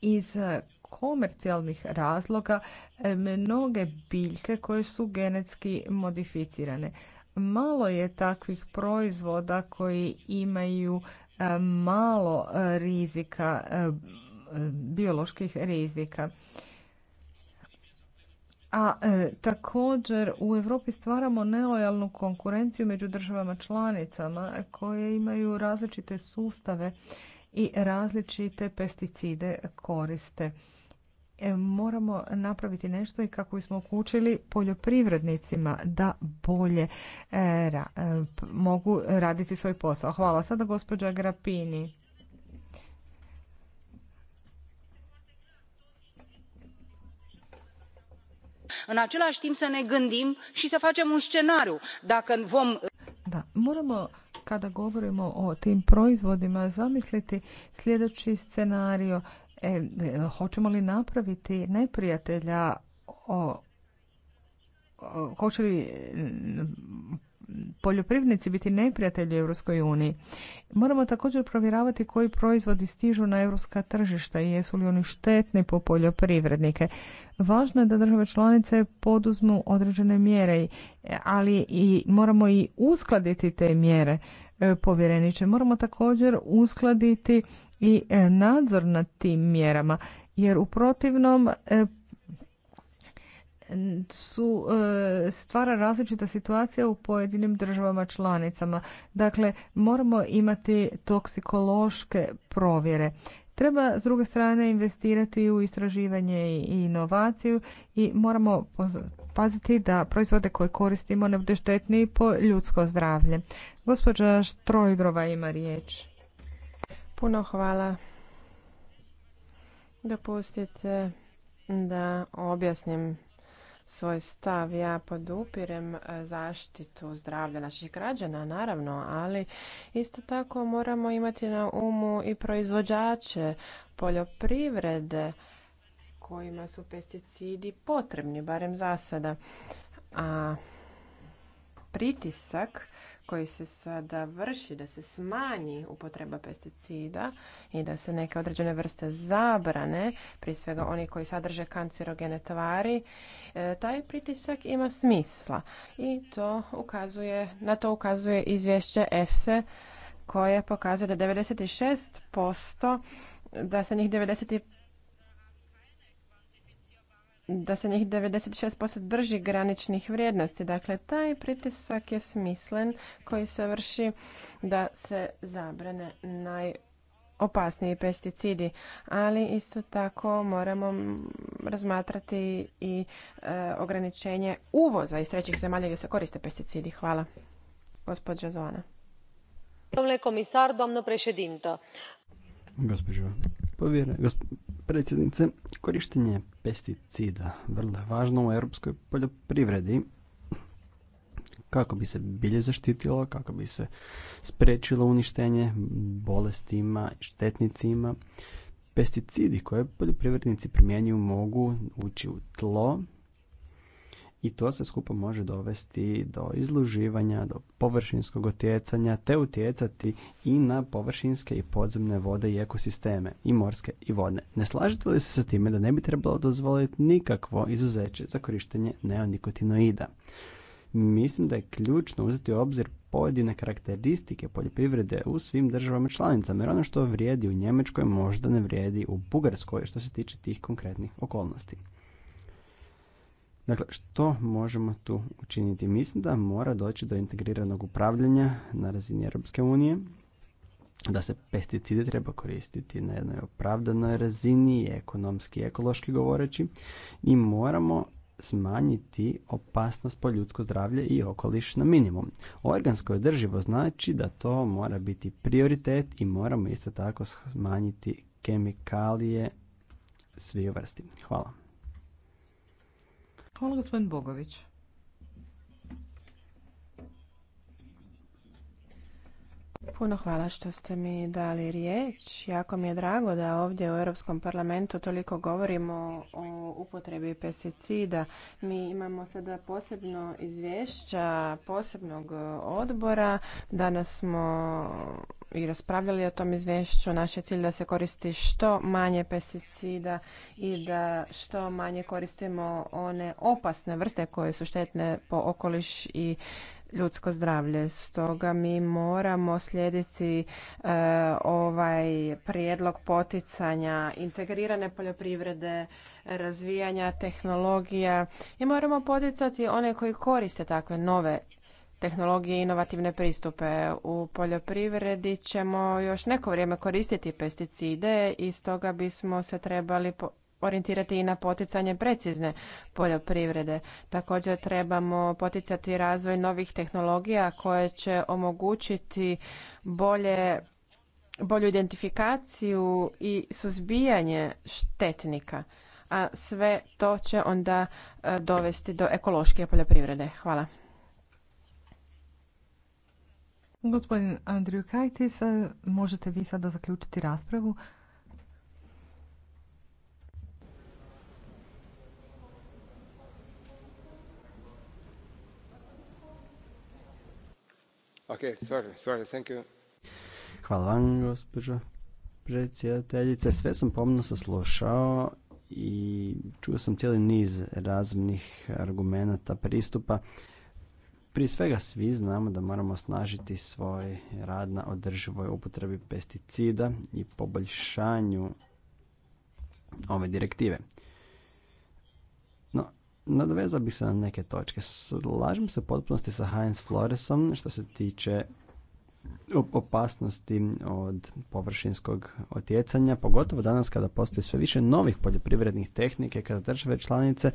iz komercijalnih razloga e, mnoge biljke koje su genetski modificirane. Malo je takvih proizvoda koji imaju E, malo e, rizika, e, bioloških rizika. A također u Europi stvaramo nelojalnu konkurenciju među državama članicama koje imaju različite sustave i različite pesticide koriste. E, moramo napraviti nešto i kako bismo okučili poljoprivrednicima da bolje e, e, mogu raditi svoj posao. Hvala. Sada gospođa Grapini. În același timp să ne gândim și să facem un scenariu. Dacă vom... Da, moramo kada govorimo o tim proizvodima zamisliti sljedeći scenario E, e, hoćemo li napraviti neprijatelja o, o, hoće li poljoprivrednici biti neprijatelji Europskoj uniji. Moramo također provjeravati koji proizvodi stižu na europska tržišta i jesu li oni štetni po poljoprivrednike. Važno je da države članice poduzmu određene mjere, ali i moramo i uskladiti te mjere E, povjereniče. Moramo također uskladiti i e, nadzor nad tim mjerama, jer u protivnom e, su stvara različita situacija u pojedinim državama članicama. Dakle, moramo imati toksikološke provjere. Treba s druge strane investirati u istraživanje i inovaciju i moramo paziti da proizvode koje koristimo ne bude štetni po ljudsko zdravlje. Gospođa Štrojdrova ima riječ. Puno hvala. Dopustite da objasnim svoj stav. Ja podupirem e, zaštitu zdravlja naših građana, naravno, ali isto tako moramo imati na umu i proizvođače poljoprivrede kojima su pesticidi potrebni, barem za sada. A pritisak koji se sada vrši da se smanji upotreba pesticida i da se neke određene vrste zabrane, prije svega oni koji sadrže kancerogene tvari, e, taj pritisak ima smisla i to ukazuje, na to ukazuje izvješće EFSE koje pokazuje da 96% da se njih da se njih 96% drži graničnih vrijednosti. Dakle, taj pritisak je smislen koji se vrši da se zabrane najopasniji pesticidi, ali isto tako moramo razmatrati i e, ograničenje uvoza iz trećih zemalja gdje se koriste pesticidi. Hvala. Gospođa Zoana. Domnule komisar, doamnă Gospođo predsjednice. Korištenje pesticida vrlo je važno u europskoj poljoprivredi kako bi se bilje zaštitilo, kako bi se sprečilo uništenje bolestima, štetnicima. Pesticidi koje poljoprivrednici primjenjuju mogu ući u tlo i to se skupo može dovesti do izluživanja, do površinskog otjecanja, te utjecati i na površinske i podzemne vode i ekosisteme, i morske i vodne. Ne slažete li se sa time da ne bi trebalo dozvoliti nikakvo izuzeće za korištenje neonikotinoida? Mislim da je ključno uzeti u obzir pojedine karakteristike poljoprivrede u svim državama članicama, jer ono što vrijedi u Njemačkoj možda ne vrijedi u Bugarskoj što se tiče tih konkretnih okolnosti. Dakle, što možemo tu učiniti? Mislim da mora doći do integriranog upravljanja na razini Europske unije, da se pesticide treba koristiti na jednoj opravdanoj razini, ekonomski i ekološki govoreći, i moramo smanjiti opasnost po ljudsko zdravlje i okoliš na minimum. Organsko održivo znači da to mora biti prioritet i moramo isto tako smanjiti kemikalije svih vrsti. Hvala. Hvala gospodin Bogović. Puno hvala što ste mi dali riječ. Jako mi je drago da ovdje u Europskom parlamentu toliko govorimo o upotrebi pesticida. Mi imamo sada posebno izvješća posebnog odbora. Danas smo i raspravljali o tom izvješću. Naš je cilj da se koristi što manje pesticida i da što manje koristimo one opasne vrste koje su štetne po okoliš i ljudsko zdravlje. Stoga mi moramo slijediti e, ovaj prijedlog poticanja integrirane poljoprivrede, razvijanja tehnologija i moramo poticati one koji koriste takve nove tehnologije i inovativne pristupe. U poljoprivredi ćemo još neko vrijeme koristiti pesticide i stoga bismo se trebali orijentirati i na poticanje precizne poljoprivrede. Također trebamo poticati razvoj novih tehnologija koje će omogućiti bolje bolju identifikaciju i suzbijanje štetnika a sve to će onda e, dovesti do ekološke poljoprivrede. Hvala. Gospodin Andriju Kajtis, e, možete vi sada zaključiti raspravu. Okay, sorry, sorry, thank you. Hvala vam, gospođo predsjedateljice. Sve sam pomno saslušao i čuo sam cijeli niz razumnih argumenata, pristupa. Prije svega svi znamo da moramo snažiti svoj rad na održivoj upotrebi pesticida i poboljšanju ove direktive. Nadovezao bih se na neke točke. Slažem se potpunosti sa Heinz Floresom što se tiče opasnosti od površinskog otjecanja, pogotovo danas kada postoji sve više novih poljoprivrednih tehnike, kada države članice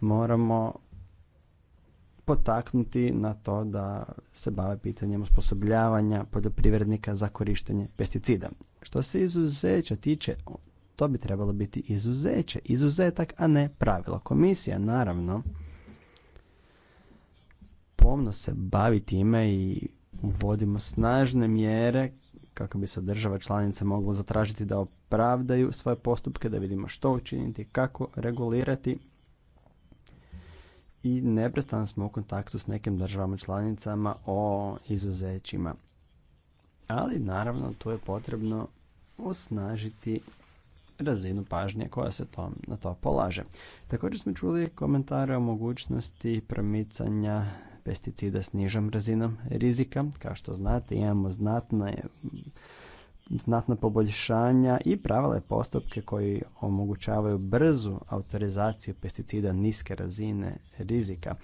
moramo potaknuti na to da se bave pitanjem osposobljavanja poljoprivrednika za korištenje pesticida. Što se izuzeća tiče, to bi trebalo biti izuzeće, izuzetak, a ne pravilo. Komisija, naravno, pomno se bavi time i uvodimo snažne mjere kako bi se država članica mogla zatražiti da opravdaju svoje postupke, da vidimo što učiniti, kako regulirati. I neprestano smo u kontaktu s nekim državama članicama o izuzećima. Ali naravno tu je potrebno osnažiti razinu pažnje koja se to, na to polaže. Također smo čuli komentare o mogućnosti promicanja pesticida s nižom razinom rizika. Kao što znate, imamo znatne znatna poboljšanja i pravale postupke koji omogućavaju brzu autorizaciju pesticida niske razine rizika.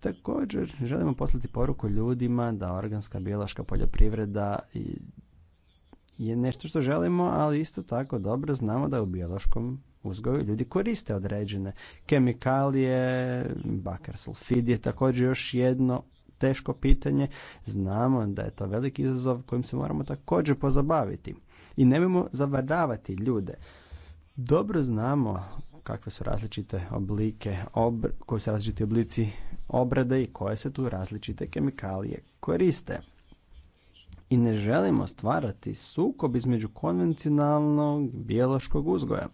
Također želimo poslati poruku ljudima da organska biološka poljoprivreda je nešto što želimo, ali isto tako dobro znamo da u biološkom uzgoju ljudi koriste određene kemikalije, bakar sulfid je također još jedno teško pitanje. Znamo da je to veliki izazov kojim se moramo također pozabaviti. I nemojmo zavaravati ljude. Dobro znamo kakve su različite oblike, obr, koji su različiti oblici obrade i koje se tu različite kemikalije koriste i ne želimo stvarati sukob između konvencionalnog biološkog uzgoja.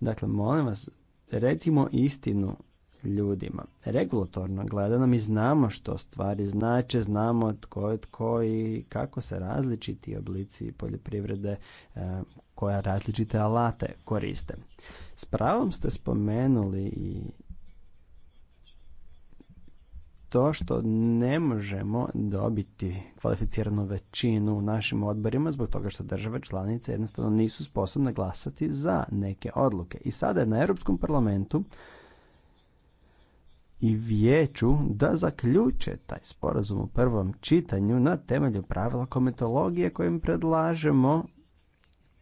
Dakle, molim vas, recimo istinu ljudima. Regulatorno gledano mi znamo što stvari znače, znamo tko je tko i kako se različiti oblici poljoprivrede e, koja različite alate koriste. S pravom ste spomenuli i to što ne možemo dobiti kvalificiranu većinu u našim odborima zbog toga što države članice jednostavno nisu sposobne glasati za neke odluke. I sada je na Europskom parlamentu i vijeću da zaključe taj sporazum u prvom čitanju na temelju pravila kometologije kojim predlažemo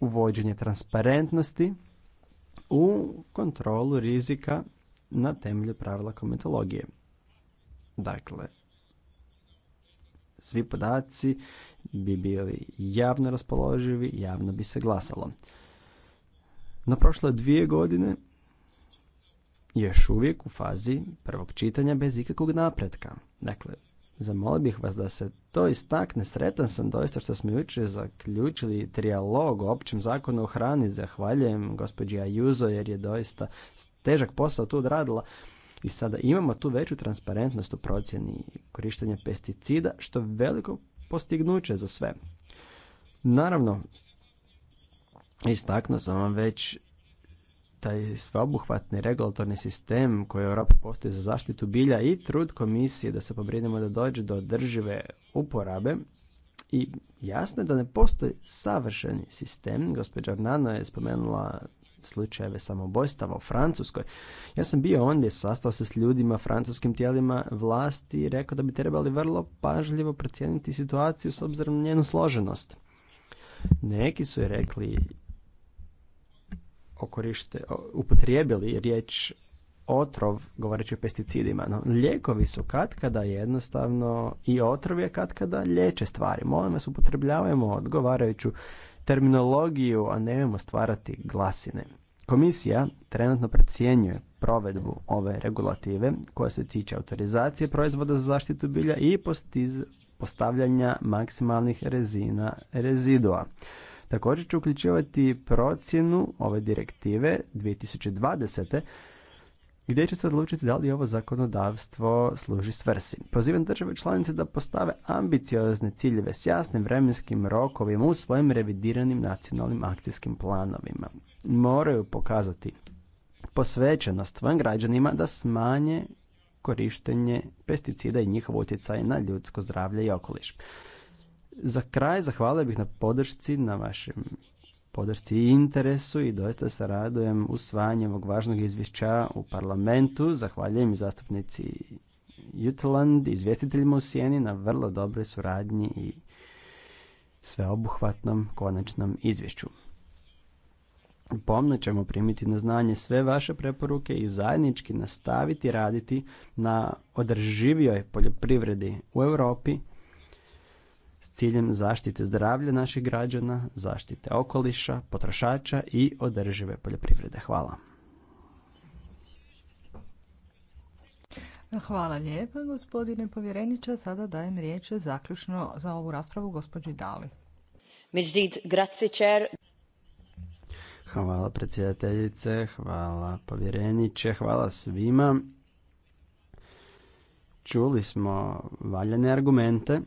uvođenje transparentnosti u kontrolu rizika na temelju pravila kometologije. Dakle, svi podaci bi bili javno raspoloživi, javno bi se glasalo. Na prošle dvije godine još uvijek u fazi prvog čitanja bez ikakvog napretka. Dakle, zamolio bih vas da se to istakne. Sretan sam doista što smo jučer zaključili trijalog o općem zakonu o hrani. Zahvaljujem gospođi Ajuzo jer je doista težak posao tu odradila. I sada imamo tu veću transparentnost u procjeni korištenja pesticida, što je veliko postignuće za sve. Naravno, istaknuo sam vam već taj sveobuhvatni regulatorni sistem koji je postoji za zaštitu bilja i trud komisije da se pobrinemo da dođe do održive uporabe i jasno je da ne postoji savršeni sistem. Gospođa Arnana je spomenula slučajeve samobojstava u Francuskoj. Ja sam bio ondje, sastao se s ljudima, francuskim tijelima vlasti i rekao da bi trebali vrlo pažljivo procijeniti situaciju s obzirom na njenu složenost. Neki su je rekli okorište, upotrijebili riječ otrov, govoreći o pesticidima, no lijekovi su katkada jednostavno i otrov je katkada liječe stvari. Molim vas, upotrebljavajmo odgovarajuću terminologiju, a nemojmo stvarati glasine. Komisija trenutno procjenjuje provedbu ove regulative koja se tiče autorizacije proizvoda za zaštitu bilja i postiz, postavljanja maksimalnih rezina rezidua. Također će uključivati procjenu ove direktive 2020 gdje će se odlučiti da li ovo zakonodavstvo služi svrsi. Pozivam države članice da postave ambiciozne ciljeve s jasnim vremenskim rokovima u svojim revidiranim nacionalnim akcijskim planovima. Moraju pokazati posvećenost svojim građanima da smanje korištenje pesticida i njihov utjecaj na ljudsko zdravlje i okoliš. Za kraj zahvalio bih na podršci na vašem podršci i interesu i doista se radujem usvajanjem ovog važnog izvješća u parlamentu. Zahvaljujem zastupnici Jutland, izvjestiteljima u Sjeni na vrlo dobroj suradnji i sveobuhvatnom konačnom izvješću. Pomno ćemo primiti na znanje sve vaše preporuke i zajednički nastaviti raditi na održivijoj poljoprivredi u Europi ciljem zaštite zdravlja naših građana, zaštite okoliša, potrošača i održive poljoprivrede. Hvala. Hvala lijepa, gospodine povjereniče. Sada dajem riječ zaključno za ovu raspravu gospođi Dali. Hvala predsjedateljice, hvala povjereniče, hvala svima. Čuli smo valjane argumente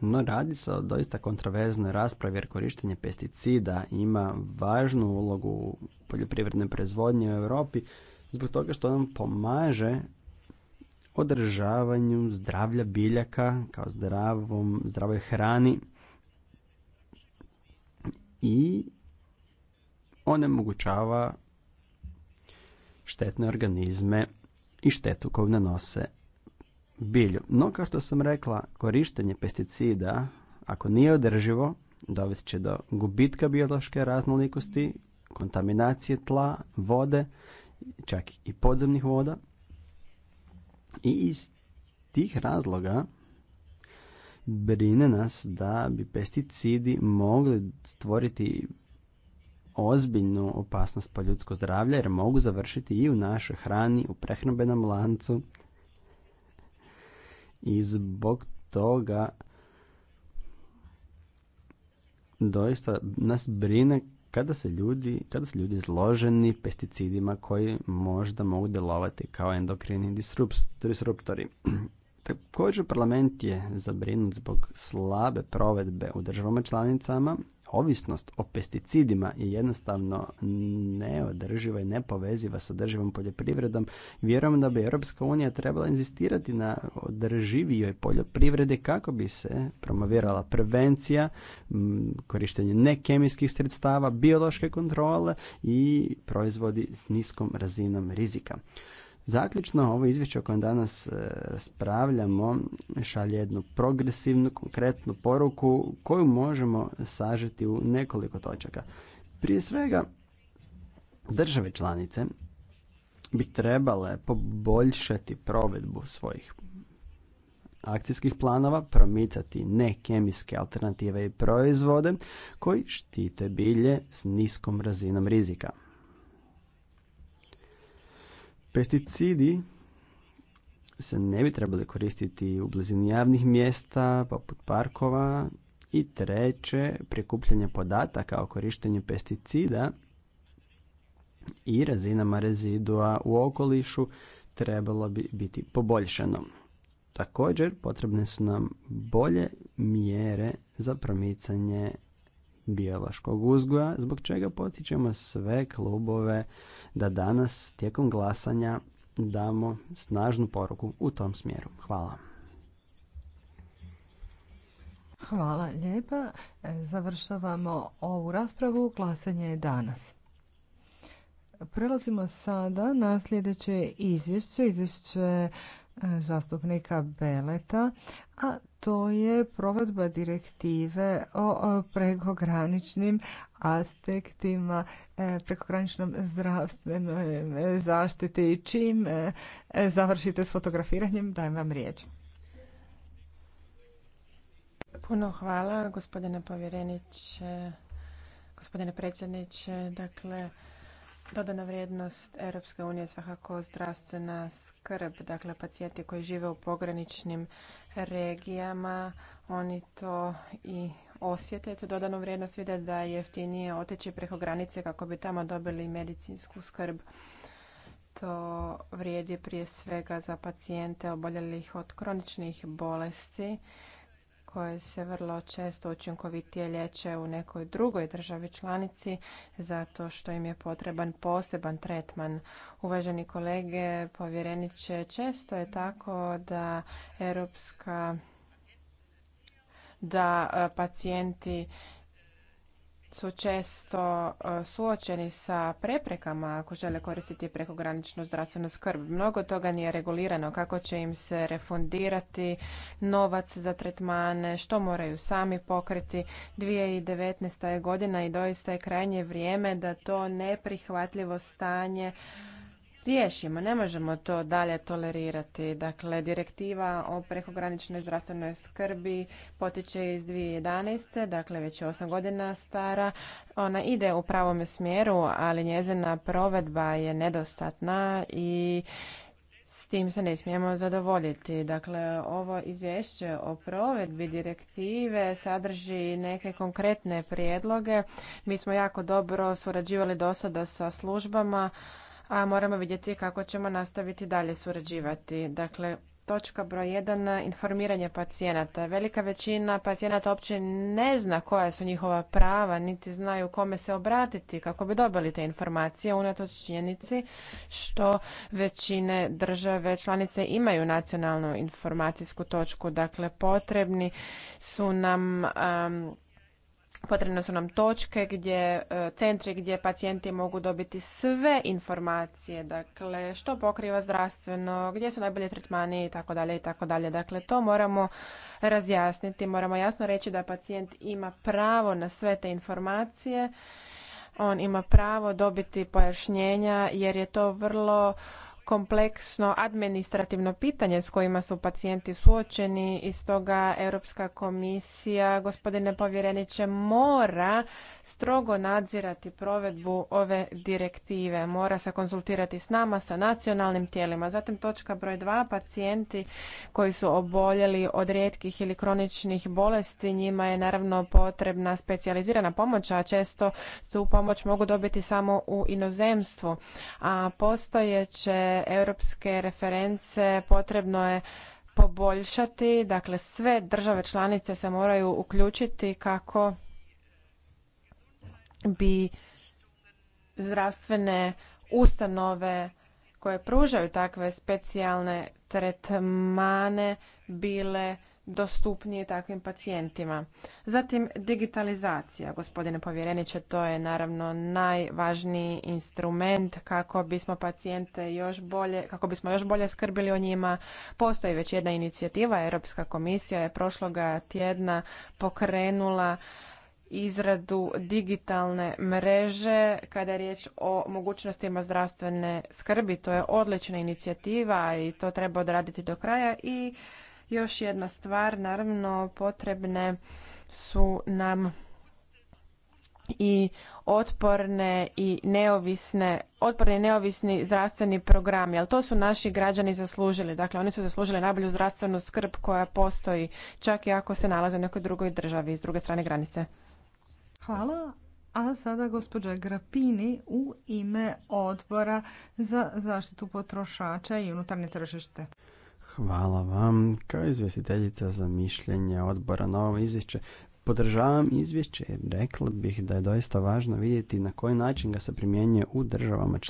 no radi se o doista kontroverznoj raspravi jer korištenje pesticida ima važnu ulogu u poljoprivrednoj proizvodnji u Europi zbog toga što nam pomaže održavanju zdravlja biljaka kao zdravom, zdravoj hrani i onemogućava štetne organizme i štetu koju nanose bilju. No, kao što sam rekla, korištenje pesticida, ako nije održivo, dovesti će do gubitka biološke raznolikosti, kontaminacije tla, vode, čak i podzemnih voda. I iz tih razloga brine nas da bi pesticidi mogli stvoriti ozbiljnu opasnost po ljudsko zdravlje jer mogu završiti i u našoj hrani, u prehrambenom lancu i zbog toga doista nas brine kada se ljudi, kada su ljudi izloženi pesticidima koji možda mogu djelovati kao endokrini disruptori. Također parlament je zabrinut zbog slabe provedbe u državama članicama ovisnost o pesticidima je jednostavno neodrživa i nepoveziva s održivom poljoprivredom. Vjerujem da bi Europska unija trebala inzistirati na održivijoj poljoprivredi kako bi se promovirala prevencija, korištenje nekemijskih sredstava, biološke kontrole i proizvodi s niskom razinom rizika. Zaključno, ovo izvješće o kojem danas e, raspravljamo šalje jednu progresivnu, konkretnu poruku koju možemo sažeti u nekoliko točaka. Prije svega, države članice bi trebale poboljšati provedbu svojih akcijskih planova, promicati nekemijske alternative i proizvode koji štite bilje s niskom razinom rizika. Pesticidi se ne bi trebali koristiti u blizini javnih mjesta, poput parkova. I treće, prikupljanje podataka o korištenju pesticida i razinama rezidua u okolišu trebalo bi biti poboljšano. Također potrebne su nam bolje mjere za promicanje biološkog uzgoja, zbog čega potičemo sve klubove da danas tijekom glasanja damo snažnu poruku u tom smjeru. Hvala. Hvala lijepa. E, završavamo ovu raspravu. Glasanje je danas. Prelazimo sada na sljedeće izvješće. Izvješće E, zastupnika Beleta, a to je provedba direktive o prekograničnim aspektima, e, prekograničnom zdravstvenoj zaštiti. Čim e, završite s fotografiranjem, dajem vam riječ. Puno hvala, gospodine povjereniče, gospodine predsjedniče. Dakle, Dodana vrijednost Europske unije je svakako zdravstvena skrb, dakle pacijenti koji žive u pograničnim regijama, oni to i osjete tu dodanu vrijednost, vide da je jeftinije otići preko granice kako bi tamo dobili medicinsku skrb. To vrijedi prije svega za pacijente oboljelih od kroničnih bolesti koje se vrlo često učinkovitije liječe u nekoj drugoj državi članici zato što im je potreban poseban tretman. Uvaženi kolege, povjereniče, često je tako da europska da pacijenti su često e, suočeni sa preprekama ako žele koristiti prekograničnu zdravstvenu skrb. Mnogo toga nije regulirano kako će im se refundirati novac za tretmane, što moraju sami pokriti. 2019. je godina i doista je krajnje vrijeme da to neprihvatljivo stanje riješimo. Ne možemo to dalje tolerirati. Dakle, direktiva o prekograničnoj zdravstvenoj skrbi potiče iz 2011. Dakle, već je 8 godina stara. Ona ide u pravom smjeru, ali njezina provedba je nedostatna i s tim se ne smijemo zadovoljiti. Dakle, ovo izvješće o provedbi direktive sadrži neke konkretne prijedloge. Mi smo jako dobro surađivali do sada sa službama a moramo vidjeti kako ćemo nastaviti dalje surađivati. Dakle, točka broj 1, informiranje pacijenata. Velika većina pacijenata uopće ne zna koja su njihova prava, niti znaju kome se obratiti kako bi dobili te informacije, unatoč činjenici što većine države članice imaju nacionalnu informacijsku točku. Dakle, potrebni su nam Potrebne su nam točke gdje, e, centri gdje pacijenti mogu dobiti sve informacije, dakle što pokriva zdravstveno, gdje su najbolji tretmani i tako dalje i tako dalje. Dakle, to moramo razjasniti, moramo jasno reći da pacijent ima pravo na sve te informacije on ima pravo dobiti pojašnjenja jer je to vrlo kompleksno administrativno pitanje s kojima su pacijenti suočeni i stoga Europska komisija, gospodine povjereniče, mora strogo nadzirati provedbu ove direktive. Mora se konzultirati s nama, sa nacionalnim tijelima. Zatim točka broj dva, pacijenti koji su oboljeli od rijetkih ili kroničnih bolesti, njima je naravno potrebna specijalizirana pomoć, a često tu pomoć mogu dobiti samo u inozemstvu. A postojeće europske reference potrebno je poboljšati, dakle sve države članice se moraju uključiti kako bi zdravstvene ustanove koje pružaju takve specijalne tretmane bile dostupnije takvim pacijentima. Zatim digitalizacija, gospodine povjereniče, to je naravno najvažniji instrument kako bismo pacijente još bolje, kako bismo još bolje skrbili o njima. Postoji već jedna inicijativa, Europska komisija je prošloga tjedna pokrenula izradu digitalne mreže kada je riječ o mogućnostima zdravstvene skrbi. To je odlična inicijativa i to treba odraditi do kraja i još jedna stvar, naravno potrebne su nam i otporne i neovisne, otporni i neovisni zdravstveni programi, ali to su naši građani zaslužili. Dakle, oni su zaslužili najbolju zdravstvenu skrb koja postoji, čak i ako se nalaze u nekoj drugoj državi, iz druge strane granice. Hvala. A sada gospođa Grapini u ime odbora za zaštitu potrošača i unutarnje tržište. Hvala vam. Kao izvjestiteljica za mišljenje odbora na ovo izvješće, podržavam izvješće rekla bih da je doista važno vidjeti na koji način ga se primjenjuje u državama članicama